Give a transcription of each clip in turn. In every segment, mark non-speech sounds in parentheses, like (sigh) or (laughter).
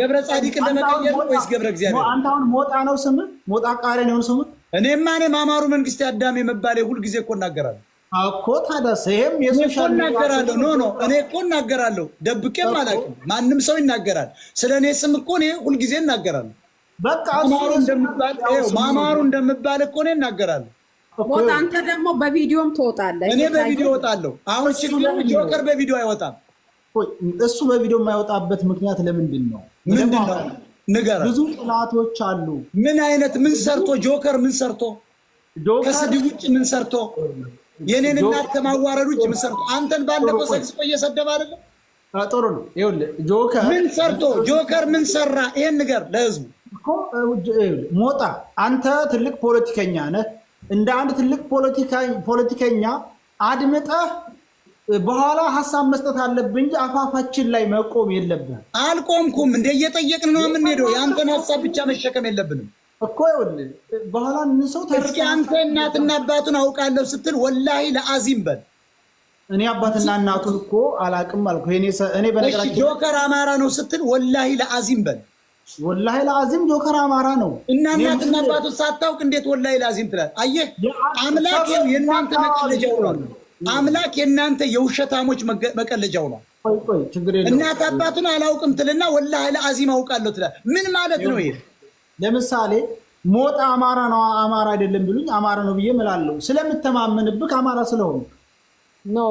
ገብረ ጻዲቅ እንደመቀየር ወይስ ገብረ እግዚአብሔር? አንተ አሁን ሞጣ ነው ስምህ? ሞጣ ቃሪያ ነው ስምህ? እኔማ እኔ ማማሩ መንግስቴ አዳሜ መባሌ ሁልጊዜ እኮ እናገራለሁ እኮ ታዲያስ፣ ይሄም የሶሻል እናገራለሁ። ኖ ኖ እኔ እኮ እናገራለሁ፣ ደብቄም አላውቅም። ማንም ሰው ይናገራል ስለ እኔ ስም እኮ እኔ ሁልጊዜ እናገራለሁ። ማማሩ እንደምባል እኮ እኔ እናገራለሁ። አንተ ደግሞ በቪዲዮም ትወጣለህ። እኔ በቪዲዮ እወጣለሁ። አሁን ችግር ጆከር በቪዲዮ አይወጣም። እሱ በቪዲዮ የማይወጣበት ምክንያት ለምንድን ነው? ንገረን። ብዙ ጥላቶች አሉ። ምን አይነት ምን ሰርቶ ጆከር ምን ሰርቶ ከስድብ ውጭ ምን ሰርቶ የኔን እናት ከማዋረድ ውጭ ምን ሰርቶ አንተን ባለፈው ሰግስቆ እየሰደበ አይደለም። ጥሩ ነው። ይኸውልህ ጆከር ምን ሰርቶ ጆከር ምን ሰራ? ይሄን ንገር ለህዝቡ። ሞጣ አንተ ትልቅ ፖለቲከኛ ነህ። እንደ አንድ ትልቅ ፖለቲከኛ አድምጠህ በኋላ ሀሳብ መስጠት አለብህ እንጂ አፋፋችን ላይ መቆም የለብህም። አልቆምኩም። እንደ እየጠየቅን ነው የምንሄደው። የአንተን ሀሳብ ብቻ መሸከም የለብንም እኮ ይኸውልህ፣ በኋላ ንሰው እስኪ አንተ እናትና አባቱን አውቃለሁ ስትል ወላሂ ለአዚም በል። እኔ አባትና እናቱን እኮ አላቅም አልኩ። እኔ በነገራችን ጆከር አማራ ነው ስትል ወላሂ ለአዚም በል። ወላሂ ለአዚም ጆከር አማራ ነው እና እናትና አባቱን ሳታውቅ እንዴት ወላሂ ለአዚም ትላል? አየህ፣ አምላክ የእናንተ መቀለጃ ሆኗል። አምላክ የእናንተ የውሸታሞች መቀለጃው ነው። እናት አባቱን አላውቅም ትልና ወላሂ ለአዚም አውቃለሁ ትላ። ምን ማለት ነው ይሄ? ለምሳሌ ሞጣ አማራ ነው አማራ አይደለም ብሉኝ አማራ ነው ብዬ እምላለሁ ስለምተማመንብክ አማራ ስለሆኑ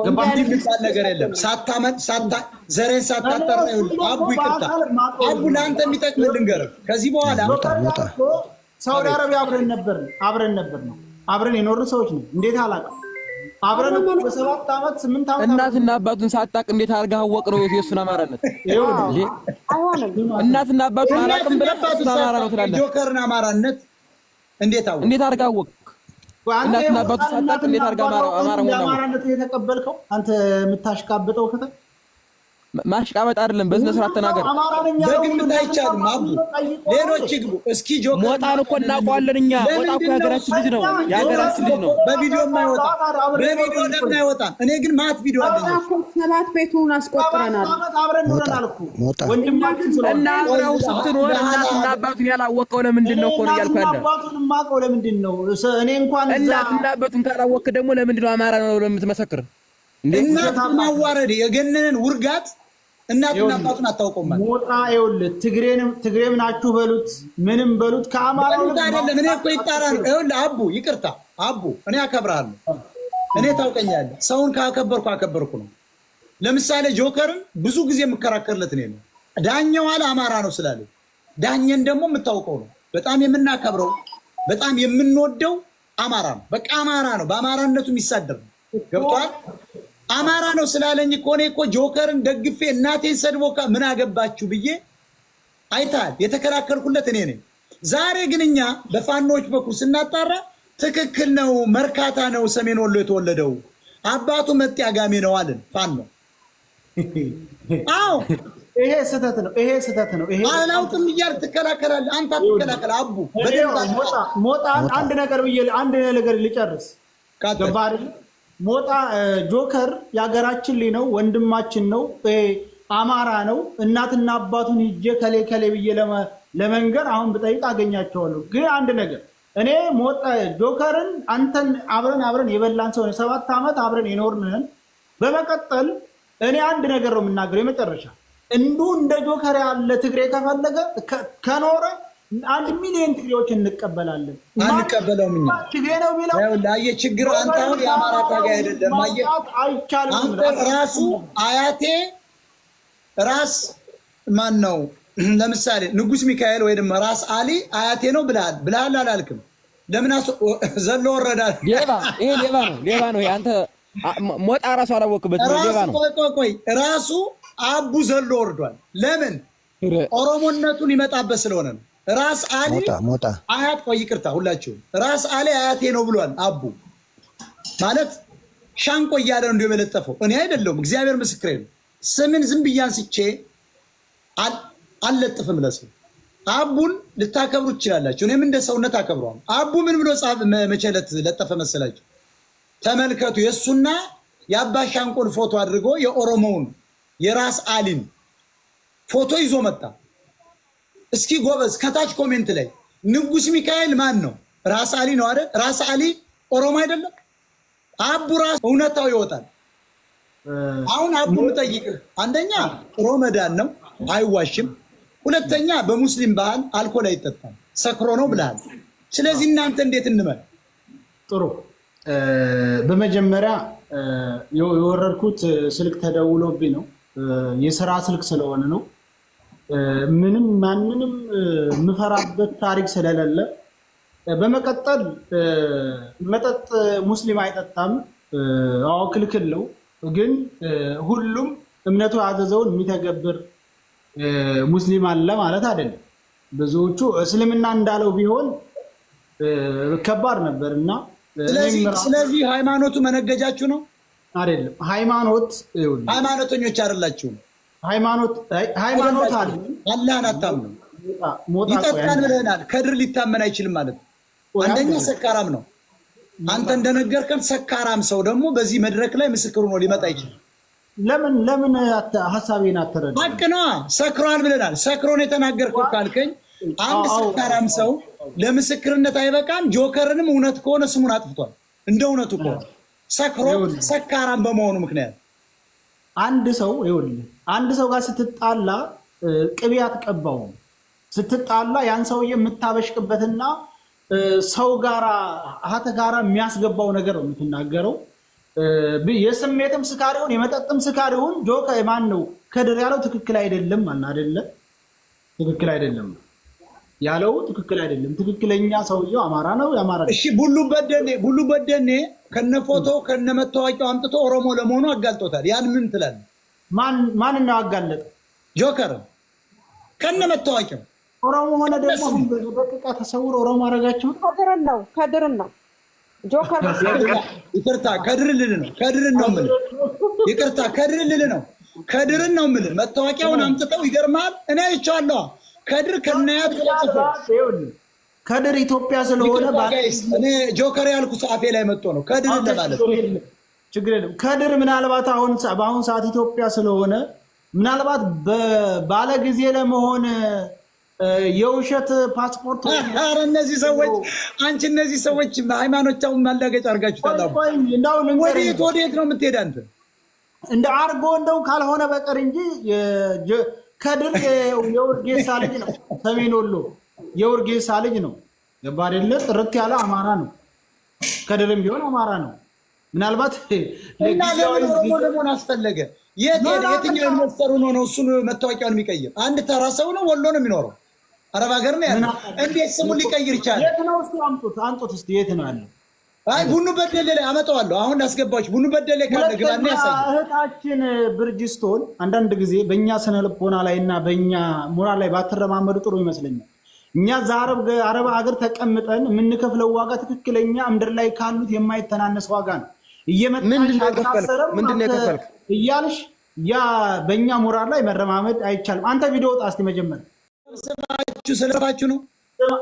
የሚባል ነገር የለም። ዘሬን ሳታጠር አቡ ይቅርታ፣ አቡ ለአንተ የሚጠቅም ልንገርህ። ከዚህ በኋላ ሳውዲ አረቢያ አብረን ነበር አብረን ነበር ነው አብረን የኖር ሰዎች ነው። እንዴት አላውቅም አብረን እኮ በሰባት ዓመት ስምንት ዓመት እናትና አባቱን ሳታቅ እንዴት አድርገህ አወቅ ነው የእሱን አማራነት? እናትና አባቱን ብለህ አማራ ነው ትላለህ። ጆከርን አማራነት እንዴት አወቅ? እንዴት አድርገህ አወቅ? እናትና አባቱን እንዴት አድርገህ አማራ አማራነት የተቀበልከው አንተ የምታሽቃብጠው ማሽቃበጥ አይደለም። በስነ ስርዓት ተናገር። በግምት አይቻልም። አቡ ሌሎች ይግቡ። እስኪ ጆከር ሞጣን እኮ እናውቀዋለን እኛ። ሞጣ እኮ የሀገራችን ልጅ ነው፣ የሀገራችን ልጅ ነው። በቪዲዮ የማይወጣ በቪዲዮ ለምን አይወጣ? እኔ ግን ማት ቪዲዮ አለ። ሰባት ቤቱን አስቆጥረናል። አብረን ወንድማችን እና አብረው ስትኖር እናትና አባቱን ያላወቀው ለምንድን ነው ያለ አባቱን ማቀው እኮ ነው እኔ እንኳን እናትና አባቱን ካላወቅህ ደግሞ ለምንድን ነው አማራ ነው ለምትመሰክር እናቱን ማዋረድ የገነንን ውርጋት እናቱን አባቱን አታውቀውም። ሞጣ ይኸውልህ፣ ትግሬም ናችሁ በሉት ምንም በሉት ከአማራ አይደለም። እኔ እኮ ይጣራ ነው። ይኸውልህ አቡ ይቅርታ፣ አቡ እኔ አከብርሃለሁ። እኔ ታውቀኛለህ። ሰውን ካከበርኩ አከበርኩ ነው። ለምሳሌ ጆከርን ብዙ ጊዜ የምከራከርለት እኔ ነው። ዳኛው አለ አማራ ነው ስላለ ዳኘን ደግሞ የምታውቀው ነው። በጣም የምናከብረው በጣም የምንወደው አማራ ነው። በቃ አማራ ነው። በአማራነቱ የሚሳደር ነው። ገብቷል። አማራ ነው ስላለኝ እኮ እኔ እኮ ጆከርን ደግፌ እናቴን ሰድቦ ምን አገባችሁ ብዬ አይታል የተከራከርኩለት እኔ ነኝ። ዛሬ ግን እኛ በፋኖች በኩል ስናጣራ ትክክል ነው፣ መርካታ ነው ሰሜን ወሎ የተወለደው አባቱ መጤ አጋሜ ነው አለን ፋኖ። አዎ ይሄ ስህተት ነው። ይሄ ስህተት ነው። ይሄ አላውቅም እያልክ ትከላከላለህ። አንተ አትከላከል። አቡ በደንብ ሞጣ አንድ ነገር ብዬ አንድ ነገር ልጨርስ ገባህ አይደል ሞጣ ጆከር የሀገራችን ላይ ነው፣ ወንድማችን ነው፣ አማራ ነው። እናትና አባቱን ሂጄ ከሌ ከሌ ብዬ ለመንገር አሁን ብጠይቅ አገኛቸዋለሁ። ግን አንድ ነገር እኔ ጆከርን አንተን አብረን አብረን የበላን ሰው ሰባት ዓመት አብረን የኖርንን በመቀጠል እኔ አንድ ነገር ነው የምናገረው የመጨረሻ እንዱ እንደ ጆከር ያለ ትግሬ ከፈለገ ከኖረ አንድ ሚሊዮን ትሪዎች እንቀበላለን። አንቀበለውም ነው የሚለው ለአየህ ችግር አንተ አሁን የአማራ ታጋይ አይደለም። አይቻልም። ራሱ አያቴ ራስ ማን ነው? ለምሳሌ ንጉስ ሚካኤል ወይ ደግሞ ራስ አሊ አያቴ ነው ብልሃል ብልሃል አላልክም። ለምን ዘሎ ወረዳል? ሌባ ይሄ ሌባ ነው፣ ሌባ ነው። አንተ ሞጣ ራሱ አላወቅበት ሌባ ነው። ቆይ ቆይ፣ ራሱ አቡ ዘሎ ወርዷል። ለምን ኦሮሞነቱን ይመጣበት ስለሆነ ነው። ራስ አሊ አያት ቆይ ይቅርታ፣ ሁላችሁም ራስ አሊ አያቴ ነው ብሏል። አቡ ማለት ሻንቆ እያለ እንዲ የመለጠፈው እኔ አይደለሁም፣ እግዚአብሔር ምስክሬ ነው። ስምን ዝም ብያን አንስቼ አልለጥፍም ለሰው። አቡን ልታከብሩ ትችላላችሁ፣ እኔም እንደ ሰውነት አከብረዋል። አቡ ምን ብሎ መቼ ለጠፈ መሰላችሁ? ተመልከቱ፣ የእሱና የአባ ሻንቆን ፎቶ አድርጎ የኦሮሞውን የራስ አሊን ፎቶ ይዞ መጣ። እስኪ ጎበዝ ከታች ኮሜንት ላይ ንጉስ ሚካኤል ማን ነው? ራስ አሊ ነው አይደል? ራስ አሊ ኦሮሞ አይደለም? አቡ ራስ እውነታው ይወጣል። አሁን አቡ ምጠይቅ፣ አንደኛ ሮመዳን ነው አይዋሽም፣ ሁለተኛ በሙስሊም ባህል አልኮል አይጠጣም። ሰክሮ ነው ብለሃል። ስለዚህ እናንተ እንዴት እንመል? ጥሩ በመጀመሪያ የወረድኩት ስልክ ተደውሎብኝ ነው የስራ ስልክ ስለሆነ ነው ምንም ማንንም የምፈራበት ታሪክ ስለሌለ፣ በመቀጠል መጠጥ ሙስሊም አይጠጣም። አዎ ክልክል ነው፣ ግን ሁሉም እምነቱ ያዘዘውን የሚተገብር ሙስሊም አለ ማለት አይደለም። ብዙዎቹ እስልምና እንዳለው ቢሆን ከባድ ነበር እና ስለዚህ ሃይማኖቱ መነገጃችሁ ነው አይደለም። ሃይማኖት ሃይማኖተኞች አይደላችሁም። ሃይማኖት ሃይማኖት አለ አላህን አታምነው። ይጠጣል ብለናል። ከድር ሊታመን አይችልም ማለት ነው። አንደኛ ሰካራም ነው። አንተ እንደነገርከን ሰካራም ሰው ደግሞ በዚህ መድረክ ላይ ምስክር ሆኖ ሊመጣ ይችላል ለምን ለምን ሀሳቤን አትረዳ? ሀቅ ነዋ። ሰክሯል ብለናል። ሰክሮን የተናገርከው ካልከኝ አንድ ሰካራም ሰው ለምስክርነት አይበቃም። ጆከርንም እውነት ከሆነ ስሙን አጥፍቷል። እንደ እውነቱ ከሆነ ሰክሮ ሰካራም በመሆኑ ምክንያት አንድ ሰው ይኸውልህ አንድ ሰው ጋር ስትጣላ ቅቤ አትቀባውም። ስትጣላ ያን ሰውዬ የምታበሽቅበትና ሰው ጋራ አህተ ጋራ የሚያስገባው ነገር ነው የምትናገረው። የስሜትም ስካሪውን የመጠጥም ስካሪውን ጆከ ማን ነው ከድር ያለው ትክክል አይደለም። ማን አይደለም ትክክል አይደለም ያለው ትክክል አይደለም። ትክክለኛ ሰውየው አማራ ነው። የአማራ እሺ፣ ቡሉ በደኔ ቡሉ በደኔ ከነ ፎቶ ከነ መታወቂያው አምጥቶ ኦሮሞ ለመሆኑ አጋልጦታል። ያን ምን ትላለህ? ማን ነው ያጋለጠ? ጆከር ከነ መታወቂያው ኦሮሞ ሆነ ደግሞ በደቂቃ ተሰውሮ ኦሮሞ አረጋቸው። ከድርን ነው ከድርን ነው ጆከር። ይቅርታ ከድር ልል ነው ከድርን ነው ምል ይቅርታ ከድር ልል ነው ከድርን ነው የምልህ መታወቂያውን አምጥተው ይገርማል። እኔ አይቼዋለሁ። ከድር ከነያት ከድር ኢትዮጵያ ስለሆነ እኔ ጆከር ያልኩ ሰአፌ ላይ መጥቶ ነው ከድር ለማለት ችግር የለም። ከድር ምናልባት አሁን በአሁኑ ሰዓት ኢትዮጵያ ስለሆነ ምናልባት ባለ ጊዜ ለመሆን የውሸት ፓስፖርት ኧረ እነዚህ ሰዎች አንቺ እነዚህ ሰዎች ሃይማኖቻውን ማላገጫ አድርጋችሁታል። ወዴት ወዴት ነው የምትሄድ አንተ? እንደ አርጎ እንደው ካልሆነ በቀር እንጂ ከድር የውርጌሳ ልጅ ነው። ሰሜን ወሎ የውርጌሳ ልጅ ነው። ገባ አይደለ? ጥርት ያለ አማራ ነው። ከድርም ቢሆን አማራ ነው። ምናልባት ለጊዜያዊሆን አስፈለገ የትኛው ኢንቨስተሩ ነው ነው እሱ መታወቂያውን የሚቀይር? አንድ ተራ ሰው ነው፣ ወሎ ነው የሚኖረው፣ አረብ ሀገር ነው ያለው። እንዴት ስሙን ሊቀይር ይቻላል? አንጡት እስኪ የት ነው ያለው? አይ ቡኑ በደሌ ላይ አመጣዋለሁ። አሁን ላስገባችሁ። ቡኑ በደሌ ካለ ግባና ያሳያል። እህታችን ብርጅስቶን አንዳንድ ጊዜ በእኛ ስነ ልቦና ላይ እና በእኛ ሞራል ላይ ባትረማመዱ ጥሩ ይመስለኛል። እኛ ዛረብ አረብ ሀገር ተቀምጠን የምንከፍለው ዋጋ ትክክለኛ ምድር ላይ ካሉት የማይተናነስ ዋጋ ነው። ምንድን እያልሽ ያ በእኛ ሞራል ላይ መረማመድ አይቻልም። አንተ ቪዲዮ ወጣ እስኪ መጀመር ስማችሁ ስለባችሁ ነው።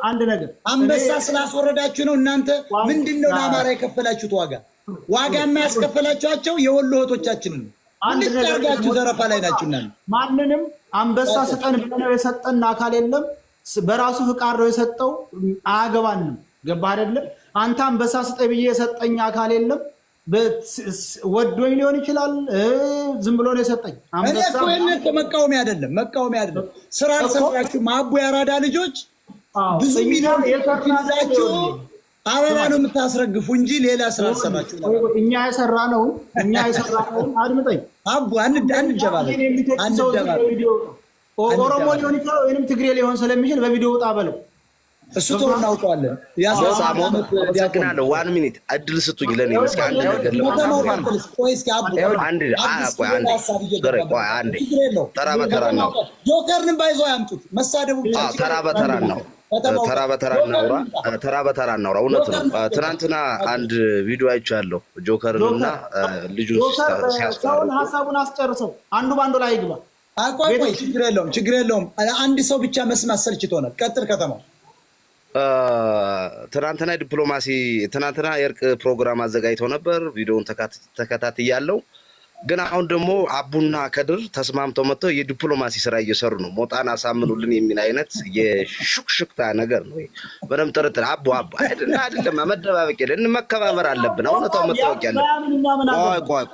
አንድ ነገር አንበሳ ስላስወረዳችሁ ነው። እናንተ ምንድን ነው ለአማራ የከፈላችሁት ዋጋ? ዋጋ ያስከፈላችኋቸው የወሎ እህቶቻችንን ነው። ልጫርጋችሁ ዘረፋ ላይ ናችሁ። ና ማንንም አንበሳ ስጠን ብለነው የሰጠን አካል የለም። በራሱ ፍቃድ ነው የሰጠው። አያገባንም። ገባ አይደለም? አንተ አንበሳ ስጠ ብዬ የሰጠኝ አካል የለም። ወዶኝ ሊሆን ይችላል። ዝም ብሎ ነው የሰጠኝ። መቃወሚ አይደለም፣ መቃወሚ አይደለም። ስራ አልሰራችሁም። ማቡ ያራዳ ልጆች ብዙ ሚሊዮን ይዛችሁ አበባ ነው የምታስረግፉ እንጂ ሌላ ስራ አልሰራችሁ። እኛ የሰራ ነው እኛ የሰራ ነው። አድምጠኝ አቡ አንደባለ ኦሮሞ ሊሆን ይችላል ወይም ትግሬ ሊሆን ስለሚችል በቪዲዮ ውጣ በለው እሱ ጥሩ እናውቀዋለን። አመሰግናለሁ። ዋን ሚኒት እድል ስጡኝ ለእኔ እስኪ አንድ ነገር ተራ በተራ ነው። ጆከርንም ባይዞ ያምጡት። መሳደቡ ተራ በተራ ነው። ተራ በተራ እናውራ። ተራ በተራ እናውራ። እውነት ነው። ትናንትና አንድ ቪዲዮ አይቻለሁ። እና ልጁ ሲያስፈሩ ሀሳቡን አስጨርሰው አንዱ በአንዱ ላይ ይግባ። አቋይ ችግር የለውም፣ ችግር የለውም። አንድ ሰው ብቻ መስማት ሰልችቶ ሰልችቶናል። ቀጥል ከተማው ትናንትና የዲፕሎማሲ ትናንትና የእርቅ ፕሮግራም አዘጋጅተው ነበር። ቪዲዮውን ተከታትያለሁ። ግን አሁን ደግሞ አቡና ከድር ተስማምተው መጥተው የዲፕሎማሲ ስራ እየሰሩ ነው። ሞጣን አሳምኑልን የሚል አይነት የሹክሹክታ ነገር ነው። በደም ጥርጥር አቦ አቡ አይደለም መደባበቅ የለ መከባበር አለብን። እውነታው መታወቅ ያለ ቆይ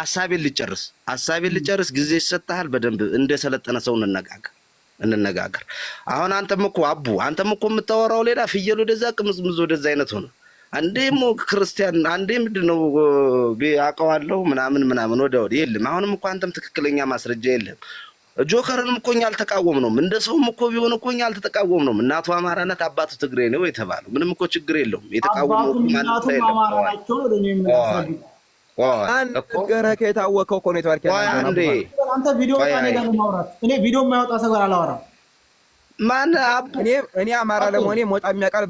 ሀሳቤን ልጨርስ፣ ሀሳቤን ልጨርስ። ጊዜ ይሰጠሃል። በደንብ እንደሰለጠነ ሰው እንነጋገር። እንነጋገር። አሁን አንተም እኮ አቡ አንተም እኮ የምታወራው ሌላ ፍየል ወደዛ ቅምዝምዝ ወደዛ አይነት ሆነ። አንዴም ክርስቲያን አንዴ ምንድን አውቀዋለሁ ምናምን ምናምን ወደ ወደ የለም። አሁንም እኮ አንተም ትክክለኛ ማስረጃ የለም። ጆከርንም እኮ እኛ አልተቃወም ነውም እንደ ሰውም እኮ ቢሆን እኮ እኛ አልተጠቃወም ነውም። እናቱ አማራ ናት አባቱ ትግሬ ነው የተባለው ምንም እኮ ችግር የለውም። የተቃወሙ ማለት ገረ ከየታወቀው እኮ ኔትወርክ አንተ ቪዲዮ እኔ ቪዲዮ የማያወጣ ሰው ጋር አላወራም። ማን እኔ አማራ ለመሆኔ ሞጣ የሚያውቃል።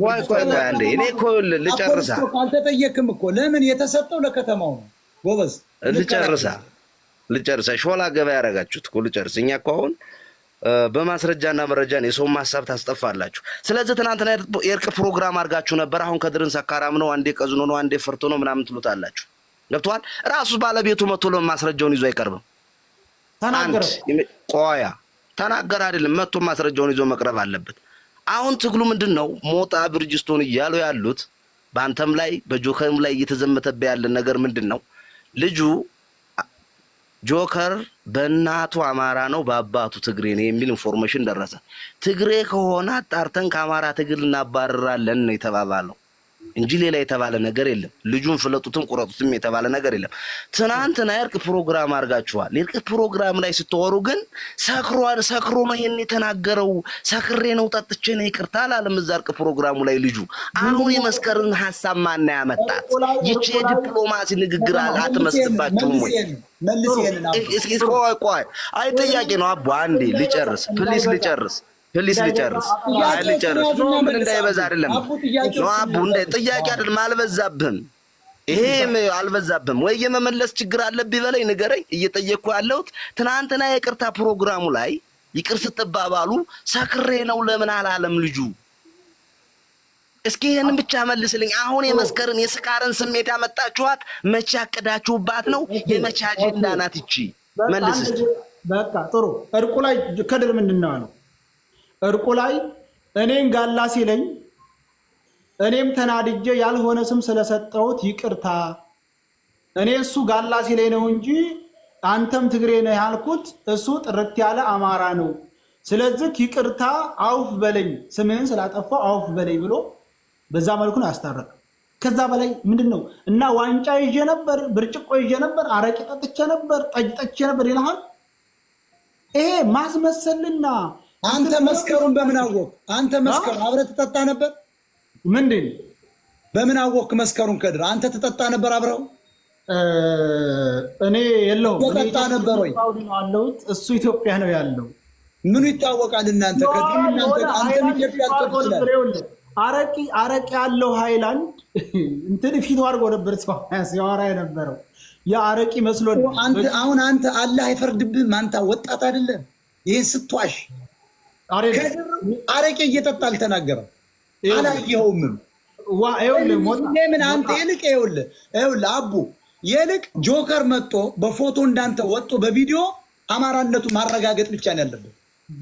እኔ እኮ ልጨርሳ አልተጠየክም እኮ ለምን የተሰጠው ለከተማው ነው። ጎበዝ ልጨርሳ ልጨርሳ ሾላ ገበያ ያደረጋችሁት እኮ ልጨርስ። እኛ እኮ አሁን በማስረጃና መረጃን የሰውን ሀሳብ ታስጠፋላችሁ። ስለዚህ ትናንትና የእርቅ ፕሮግራም አድርጋችሁ ነበር። አሁን ከድርን ሰካራም ነው አንዴ ቀዝኖ ነው አንዴ ፈርቶ ነው ምናምን ትሉታላችሁ። ገብተዋል። ራሱ ባለቤቱ መቶ ለምን ማስረጃውን ይዞ አይቀርብም? አንድ ቆያ ተናገረ አይደለም መቶ ማስረጃውን ይዞ መቅረብ አለበት። አሁን ትግሉ ምንድን ነው? ሞጣ ብርጅስቶን እያሉ ያሉት በአንተም ላይ በጆከርም ላይ እየተዘመተብህ ያለ ነገር ምንድን ነው? ልጁ ጆከር በእናቱ አማራ ነው በአባቱ ትግሬ ነው የሚል ኢንፎርሜሽን ደረሰ። ትግሬ ከሆነ አጣርተን ከአማራ ትግል እናባረራለን ነው የተባባለው። እንጂ ሌላ የተባለ ነገር የለም። ልጁን ፍለጡትም ቁረጡትም የተባለ ነገር የለም። ትናንትና የእርቅ ፕሮግራም አድርጋችኋል። የእርቅ ፕሮግራም ላይ ስትወሩ ግን ሰክሯል። ሰክሮ ነው ይሄን የተናገረው። ሰክሬ ነው ጠጥቼ ነው ይቅርታ አላለም። እዛ እርቅ ፕሮግራሙ ላይ ልጁ አሁን የመስከርን ሀሳብ ማና ያመጣት? ይቺ የዲፕሎማሲ ንግግር አትመስልባችሁም ወይ? ቆይ ቆይ፣ አይ ጥያቄ ነው አቦ። አንዴ ልጨርስ ፕሊስ፣ ልጨርስ ፕሊስ ልጨርስ ልጨርስ። ኖ ምን እንዳይበዛ አይደለም ኖ አቡ እንደ ጥያቄ አይደለም። አልበዛብህም፣ ይሄ አልበዛብህም ወይ የመመለስ ችግር አለብህ በለኝ፣ ንገረኝ። እየጠየቅኩ ያለሁት ትናንትና የቅርታ ፕሮግራሙ ላይ ይቅር ስትባባሉ ሰክሬ ነው ለምን አላለም ልጁ? እስኪ ይህንን ብቻ መልስልኝ። አሁን የመስከርን የስካርን ስሜት ያመጣችኋት መቼ አቅዳችሁባት ነው? የመቼ አጀንዳ ናት ይቺ? መልስ። በቃ ጥሩ። እርቁ ላይ ከድር ምንድን ነው አለው እርቁ ላይ እኔን ጋላ ሲለኝ እኔም ተናድጄ ያልሆነ ስም ስለሰጠሁት ይቅርታ። እኔ እሱ ጋላ ሲለኝ ነው እንጂ አንተም ትግሬ ነህ ያልኩት እሱ ጥርት ያለ አማራ ነው። ስለዚህ ይቅርታ አውፍ በለኝ፣ ስምህን ስላጠፋው አውፍ በለኝ ብሎ በዛ መልኩ ነው ያስታረቀ። ከዛ በላይ ምንድን ነው እና ዋንጫ ይዤ ነበር፣ ብርጭቆ ይዤ ነበር፣ አረቄ ጠጥቼ ነበር፣ ጠጅ ጠጥቼ ነበር ይልሃል። ይሄ ማስመሰልና አንተ መስከሩን በምን አወቅ? አንተ መስከሩ አብረህ ትጠጣ ነበር? ምንድን በምን አወቅ መስከሩን? ከድር አንተ ትጠጣ ነበር አብረው? እኔ የለው ጠጣ ነበር ወይ አለሁት? እሱ ኢትዮጵያ ነው ያለው። ምኑ ይታወቃል? እናንተ ከዚህ እናንተ አንተም ኢትዮጵያ ትጠጣለህ። አረቂ አረቂ ያለው ሃይላንድ (laughs) እንትን ፊቱ አድርጎ ነበር ሰው ሲያወራ የነበረው ያ አረቂ መስሎ። አሁን አንተ አላህ አይፈርድብህም? አንተ ወጣት አይደለም ይህን ስትዋሽ አረቄ እየጠጣ አልተናገረም፣ አላየኸውምም። ምን አንተ ይልቅ ይኸውልህ ይኸውልህ አቡ ይልቅ ጆከር መጥቶ በፎቶ እንዳንተ ወጥቶ በቪዲዮ አማራነቱ ማረጋገጥ ብቻ ነው ያለብን።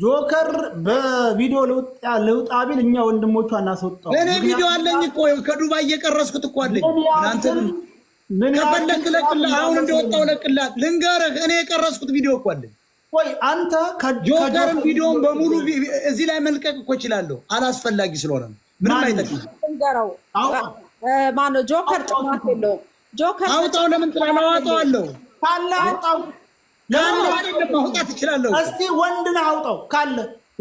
ጆከር በቪዲዮ ልውጣ ቢል እኛ ወንድሞቹ አናስወጣው። እኔ ቪዲዮ አለኝ እኮ ከዱባይ እየቀረስኩት እኮ አለኝ። ከፈለክ ለቅላ አሁን እንደወጣው ለቅላ ልንገርህ እኔ የቀረስኩት ቪዲዮ እኮ አለኝ ወይ አንተ ከጆከርን ቪዲዮን በሙሉ እዚህ ላይ መልቀቅ እኮ እችላለሁ። አላስፈላጊ ስለሆነ ምንም አይጠቅም። ማነው ጆከር ጥማት የለውም። ጆከር አውጣው። ለምን አውጣዋለሁ ካለ አውጣው። ማውጣት እችላለሁ። እስቲ ወንድ ነህ አውጣው ካለ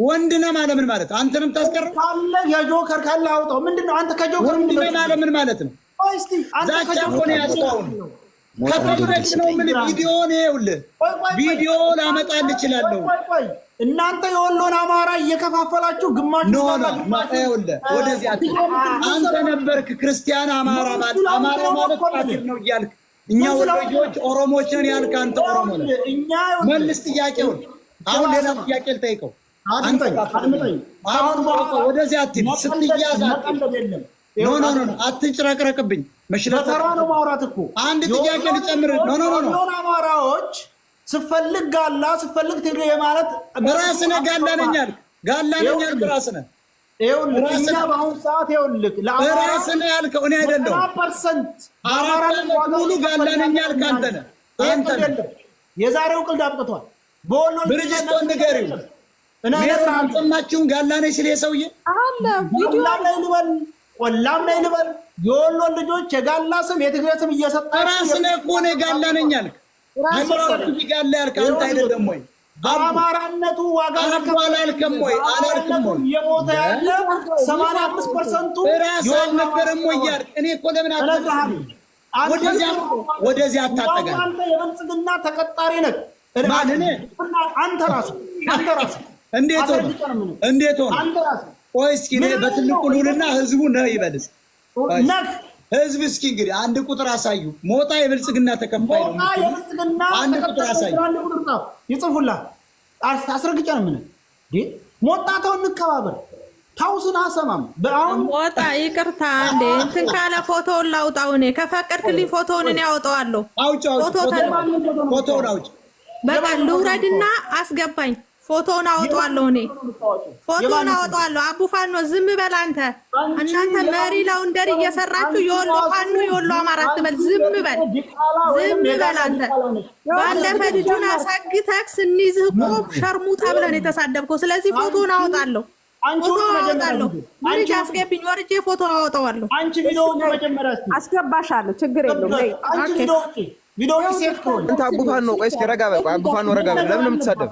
ወንድ ነህ ማለት ምን ማለት አንተንም ካለ የጆከር ካለ አውጣው። ምንድን ነው አንተ ከጆከር ወንድ ነህ ማለት ምን ማለት ነው? ዛቻ እኮ ከፈለግ ነው ምን ቪዲዮ ይኸውልህ፣ ቪዲዮ ላመጣል እችላለሁ። እናንተ የወሎን አማራ እየከፋፈላችሁ ግማሽ አንተ ነበርክ ክርስቲያን አማራ ማለት አማራ ማለት ቃል ነው እያልክ እኛ ወሎዮች ኦሮሞች ነን ያልክ አንተ ኦሮሞ ነህ። መልስ ጥያቄውን። አሁን ሌላ ጥያቄ ልጠይቀው። አንተ አሁን ወደዚህ አትሂድ ስትያዝ ኖ ኖ ኖ አትጭራቅረቅብኝ። በተራ ነው ማውራት እኮ አንድ ጥያቄ ልጨምር። ኖ ኖ ኖ አማራዎች ስፈልግ ጋላ ስፈልግ ትግሬ ማለት በራስ ነህ ጋላ ነኝ አልክ። ጋላ ነኝ አልክ። በራስ ነህ ይኸውልህ። እኛ ሰዓት ይኸውልህ፣ በራስ ነህ ያልከው እኔ አይደለሁም። አማራ ሙሉ ጋላ ነኝ ያልክ አንተ ነህ። አንተ የዛሬው ቅልድ አብቅቷል። በወሎ ብርጅስቶን ንገሪው። እኔ አልሰማችሁም? ጋላ ነኝ ሲል የሰውዬ አለ ቪዲዮ ላይ ልበል ቆላም ላይ ልበል የወሎን ልጆች የጋላ ስም የትግሬ ስም እየሰጣ ራስ ነህ እኮ ነው የጋላ ነኝ አልክ። ጋላ ያልክ አንተ አይደለም ወይ? በአማራነቱ ዋጋ አላልክም ወይ? አላልክም ወይ? የሞተ ያለ ሰማንያ አምስት ፐርሰንቱ ራስ አልነበረም ወይ ያልክ። እኔ እኮ ለምን ወደዚያ አታጠጋም? አንተ የብልጽግና ተቀጣሪ ነህ። አንተ ራስህ አንተ ራስህ እንዴት ሆነ? እንዴት ሆነ? አንተ ራስህ ቆይ እስኪ በትልቁ ልሁንና ህዝቡ ነህ ይበልስ ህዝብ እስኪ እንግዲህ አንድ ቁጥር አሳዩ። ሞጣ የብልጽግና ተከፋይ ነው። አንድ ቁጥር አሳዩ። ይጽፉላ አስረግጫ ነው። ምን ሞጣ ተው እንከባበር። ታውስን አሰማም ሞጣ ይቅርታ እንዴ እንትን ካለ ፎቶውን ላውጣው። እኔ ከፈቀድክልኝ ፎቶውን እኔ ያወጣዋለሁ። ፎቶውን አውጭ በቃ ልውረድና አስገባኝ። ፎቶውን አወጣዋለሁ እኔ ፎቶውን አወጣዋለሁ። አቡ ፋኖ ዝም በል አንተ። እናንተ መሪ ላውንደሪ እየሰራችሁ የወሎ ፋኖ የወሎ አማራ ትበል። ዝም በል ዝም በል አንተ። ባለፈ ልጁን አሳግተክ ስንይዝህ እኮ ሸርሙጣ ብለን የተሳደብከው። ስለዚህ ፎቶውን አወጣለሁ፣ ፎቶውን አወጣለሁ። ወርጄ አስገብኝ፣ ወርጄ ፎቶውን አወጣዋለሁ። አስገባሻለሁ፣ ችግር የለውም። አቡ ፋኖ ቆይ እስኪ ረጋ በል። አቡ ፋኖ ረጋ በል። ለምን የምትሳደብ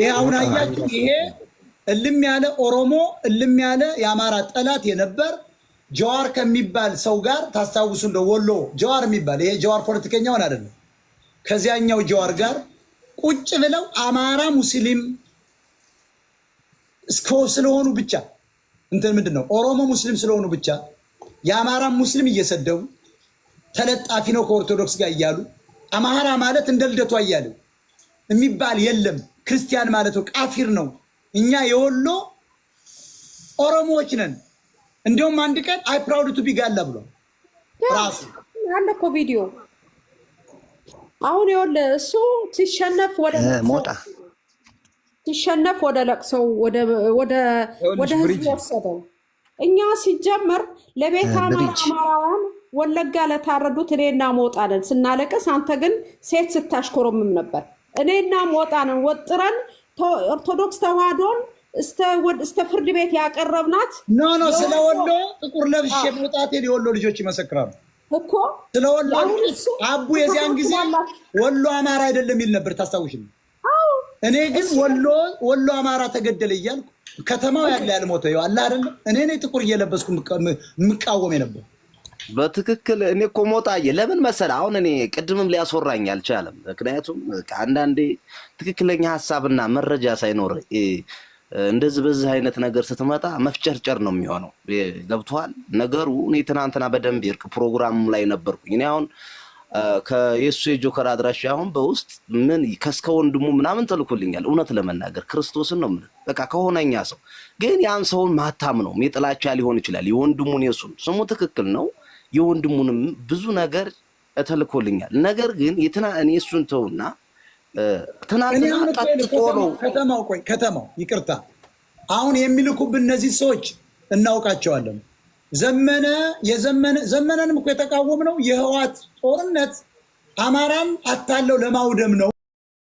ይሄ አሁን አያችሁ፣ ይሄ እልም ያለ ኦሮሞ እልም ያለ የአማራ ጠላት የነበር ጀዋር ከሚባል ሰው ጋር ታስታውሱ እንደ ወሎ ጀዋር የሚባል ይሄ ጀዋር ፖለቲከኛውን አይደለም፣ ከዚያኛው ጀዋር ጋር ቁጭ ብለው አማራ ሙስሊም ስለሆኑ ብቻ እንትን ምንድን ነው ኦሮሞ ሙስሊም ስለሆኑ ብቻ የአማራ ሙስሊም እየሰደቡ ተለጣፊ ነው ከኦርቶዶክስ ጋር እያሉ አማራ ማለት እንደ ልደቱ አያለው የሚባል የለም። ክርስቲያን ማለት ቃፊር ነው። እኛ የወሎ ኦሮሞዎች ነን። እንዲሁም አንድ ቀን አይ ፕራውድ ቱ ቢ ብሎ ራሱ አለ እኮ ቪዲዮ። አሁን የወለ እሱ ሲሸነፍ ወደ ሞጣ ሲሸነፍ ወደ ለቅሰው ወደ ህዝብ ወሰደው። እኛ ሲጀመር ለቤተ አማራውያን ወለጋ ለታረዱት እኔና ሞጣ ነን ስናለቅስ፣ አንተ ግን ሴት ስታሽኮረምም ነበር። እኔና ሞጣ ነን ወጥረን ኦርቶዶክስ ተዋህዶን እስከ ፍርድ ቤት ያቀረብናት። ኖ ኖ፣ ስለ ወሎ ጥቁር ለብሼ መውጣቴን የወሎ ልጆች ይመሰክራሉ እኮ። ስለ ወሎ አቡ የዚያን ጊዜ ወሎ አማራ አይደለም ይል ነበር፣ ታስታውሽ? እኔ ግን ወሎ ወሎ አማራ ተገደለ እያልኩ ከተማው ያለ ያልሞተ ይኸው አለ አይደለም። እኔ ጥቁር እየለበስኩ የምቃወም የነበር በትክክል እኔ እኮ ሞጣዬ ለምን መሰለ አሁን እኔ ቅድምም ሊያስወራኝ አልቻለም። ምክንያቱም አንዳንዴ ትክክለኛ ሀሳብና መረጃ ሳይኖር እንደዚህ በዚህ አይነት ነገር ስትመጣ መፍጨርጨር ነው የሚሆነው። ገብቶሃል ነገሩ። እኔ ትናንትና በደንብ ይርቅ ፕሮግራሙ ላይ ነበርኩኝ። እኔ አሁን ከየሱ የጆከር አድራሻ አሁን በውስጥ ምን ከስከ ወንድሙ ምናምን ተልኮልኛል። እውነት ለመናገር ክርስቶስን ነው ምን በቃ ከሆነኛ ሰው ግን ያን ሰውን ማታም ነው የጥላቻ ሊሆን ይችላል የወንድሙን የሱን ስሙ ትክክል ነው የወንድሙንም ብዙ ነገር ተልኮልኛል። ነገር ግን የትና እኔ እሱን ተውና ከተማው። ቆይ ከተማው ይቅርታ፣ አሁን የሚልኩብን እነዚህ ሰዎች እናውቃቸዋለን። ዘመነ የዘመነ ዘመነንም እኮ የተቃወም ነው የህዋት ጦርነት አማራን አታለው ለማውደም ነው።